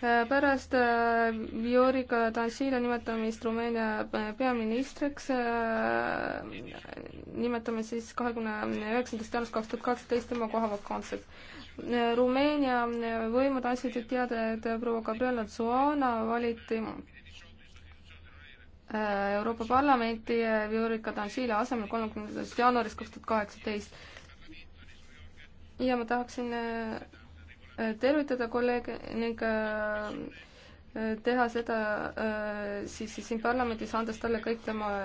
pärast Vioriga äh, Dancila nimetamist Rumeenia äh, peaministriks äh, nimetame siis kahekümne üheksandast jaanuarist kaks tuhat kaheksateist tema koha vakantseks. Rumeenia võimud andsid teada, et proua Gabriela Zuana valiti Euroopa Parlamenti Viorica Dancila asemel kolmekümnendast jaanuarist kaks tuhat kaheksateist. ja ma tahaksin tervitada kolleege ning äh, teha seda äh, siis siin parlamendis, andes talle kõik tema